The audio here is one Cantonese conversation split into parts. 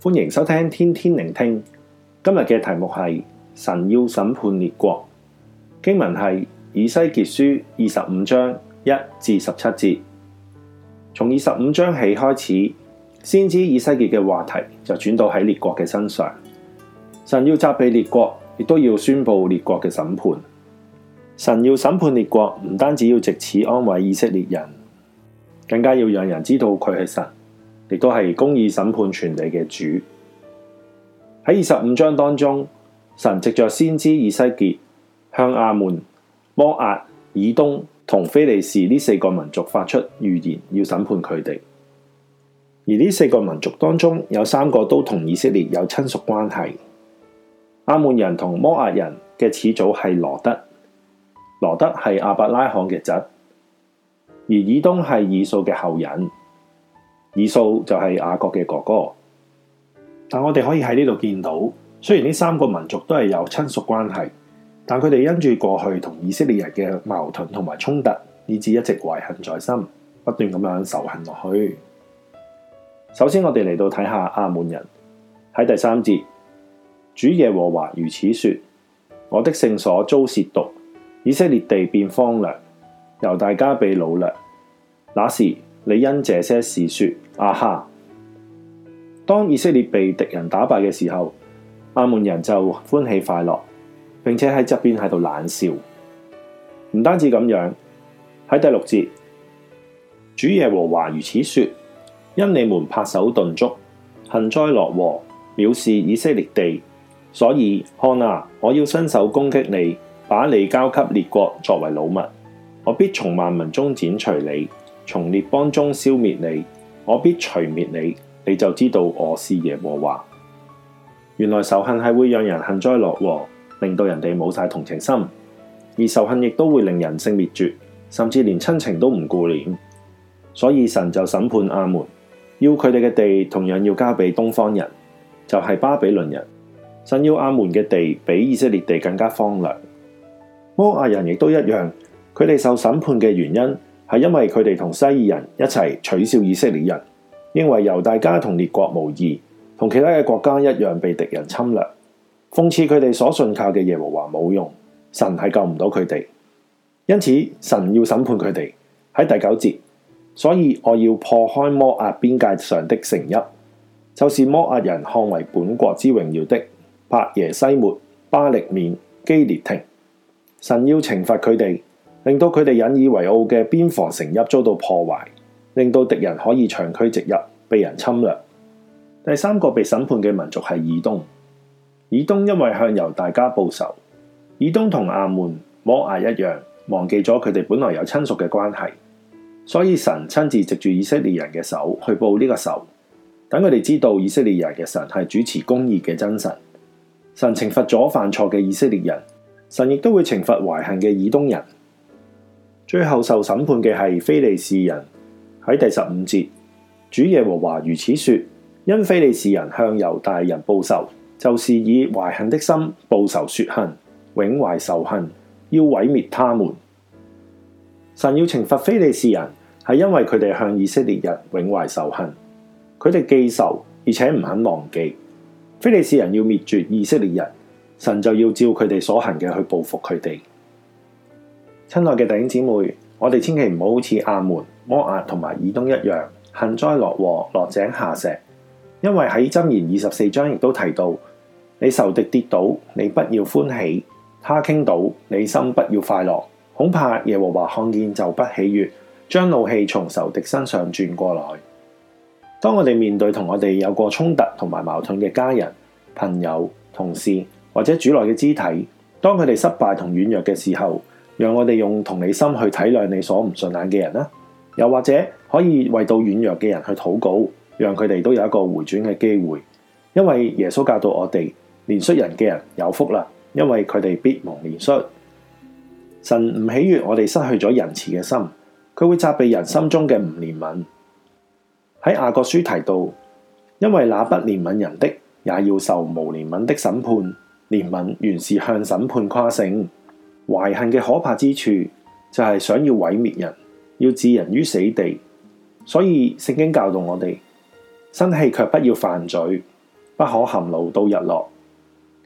歡迎收聽天天靈聽，今日嘅題目係神要審判列國，經文係以西結書二十五章一至十七節。從二十五章起開始，先知以西結嘅話題就轉到喺列國嘅身上。神要責備列國，亦都要宣布列國嘅審判。神要審判列國，唔單止要借此安慰以色列人，更加要讓人知道佢係神。亦都係公義審判全地嘅主。喺二十五章當中，神藉着先知以西結向亞捫、摩押、以東同非利士呢四個民族發出預言，要審判佢哋。而呢四個民族當中，有三個都同以色列有親屬關係。亞捫人同摩押人嘅始祖係羅得，羅得係亞伯拉罕嘅侄，而以東係以掃嘅後人。以掃就係雅各嘅哥哥，但我哋可以喺呢度見到，雖然呢三個民族都係有親屬關係，但佢哋因住過去同以色列人嘅矛盾同埋衝突，以致一直懷恨在心，不斷咁樣仇恨落去。首先我看看，我哋嚟到睇下亞捫人喺第三節，主耶和華如此說：我的聖所遭褻瀆，以色列地變荒涼，猶大家被擄掠。那時你因這些事説：啊哈！當以色列被敵人打敗嘅時候，亞捫人就歡喜快樂，並且喺側邊喺度冷笑。唔單止咁樣，喺第六節，主耶和華如此説：因你們拍手頓足，幸災樂禍，藐視以色列地，所以看哪，我要伸手攻擊你，把你交給列國作為擄物。我必從萬民中剪除你。從列邦中消滅你，我必除滅你，你就知道我是耶和華。原來仇恨係會讓人幸災樂禍，令到人哋冇晒同情心，而仇恨亦都會令人性滅絕，甚至連親情都唔顧念。所以神就審判亞捫，要佢哋嘅地同樣要交俾東方人，就係、是、巴比倫人。神要亞捫嘅地比以色列地更加荒涼。摩押人亦都一樣，佢哋受審判嘅原因，係因為佢哋同西珥人一齊取笑以色列人，認為猶大家同列國無異，同其他嘅國家一樣被敵人侵略，諷刺佢哋所信靠嘅耶和華冇用，神係救唔到佢哋，因此神要審判佢哋，喺第九節，所以我要破開摩押邊界上的城邑，就是摩押人看為本國之榮耀的伯耶西末、巴力免、基列亭。神要懲罰佢哋。令到佢哋引以為傲嘅邊防城邑遭到破壞，令到敵人可以長驅直入，被人侵略。第三個被審判嘅民族係以東。以東因為向猶大家報仇，以東同亞捫、摩押一樣，忘記咗佢哋本來有親屬嘅關係，所以神親自藉住以色列人嘅手去報呢個仇，等佢哋知道以色列人嘅神係主持公義嘅真神。神懲罰咗犯錯嘅以色列人，神亦都會懲罰懷恨嘅以東人。最後受審判嘅係非利士人。喺第十五節，主耶和華如此說：因非利士人向猶大人報仇，就是以懷恨的心報仇雪恨，永懷仇恨，要毀滅他們。神要懲罰非利士人，係因為佢哋向以色列人永懷仇恨，佢哋記仇而且唔肯忘記。非利士人要滅絕以色列人，神就要照佢哋所行嘅去報復佢哋。親愛嘅弟兄姊妹，我哋千祈唔好好似亞捫、摩押同埋以東一樣，幸災樂禍、落井下石。因為喺箴言二十四章亦都提到，你仇敵跌倒，你不要歡喜；他傾倒，你心不要快樂。恐怕耶和華看見就不喜悅，將怒氣從仇敵身上轉過來。當我哋面對同我哋有過衝突同埋矛盾嘅家人、朋友、同事或者主內嘅肢體，當佢哋失敗同軟弱嘅時候，讓我哋用同理心去體諒你所唔順眼嘅人啦，又或者可以為到軟弱嘅人去禱告，讓佢哋都有一個回轉嘅機會。因為耶穌教導我哋，憐恤人嘅人有福啦，因為佢哋必蒙憐恤。神唔喜悦我哋失去咗仁慈嘅心，佢會責備人心中嘅唔憐憫。喺雅各書提到，因為那不憐憫人的，也要受無憐憫的審判。憐憫原是向審判誇勝。懷恨嘅可怕之處就係想要毀滅人，要置人於死地。所以聖經教導我哋，生氣卻不要犯罪，不可含怒到日落。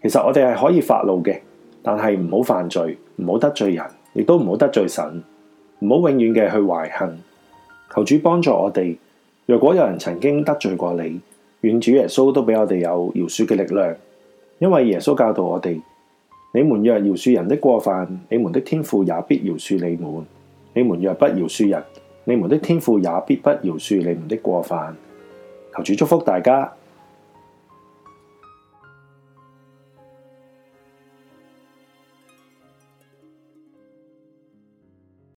其實我哋係可以發怒嘅，但係唔好犯罪，唔好得罪人，亦都唔好得罪神，唔好永遠嘅去懷恨。求主幫助我哋，若果有人曾經得罪過你，願主耶穌都俾我哋有饒恕嘅力量，因為耶穌教導我哋。你們若饒恕人的過犯，你們的天父也必饒恕你們；你們若不饒恕人，你們的天父也必不饒恕你們的過犯。求主祝福大家。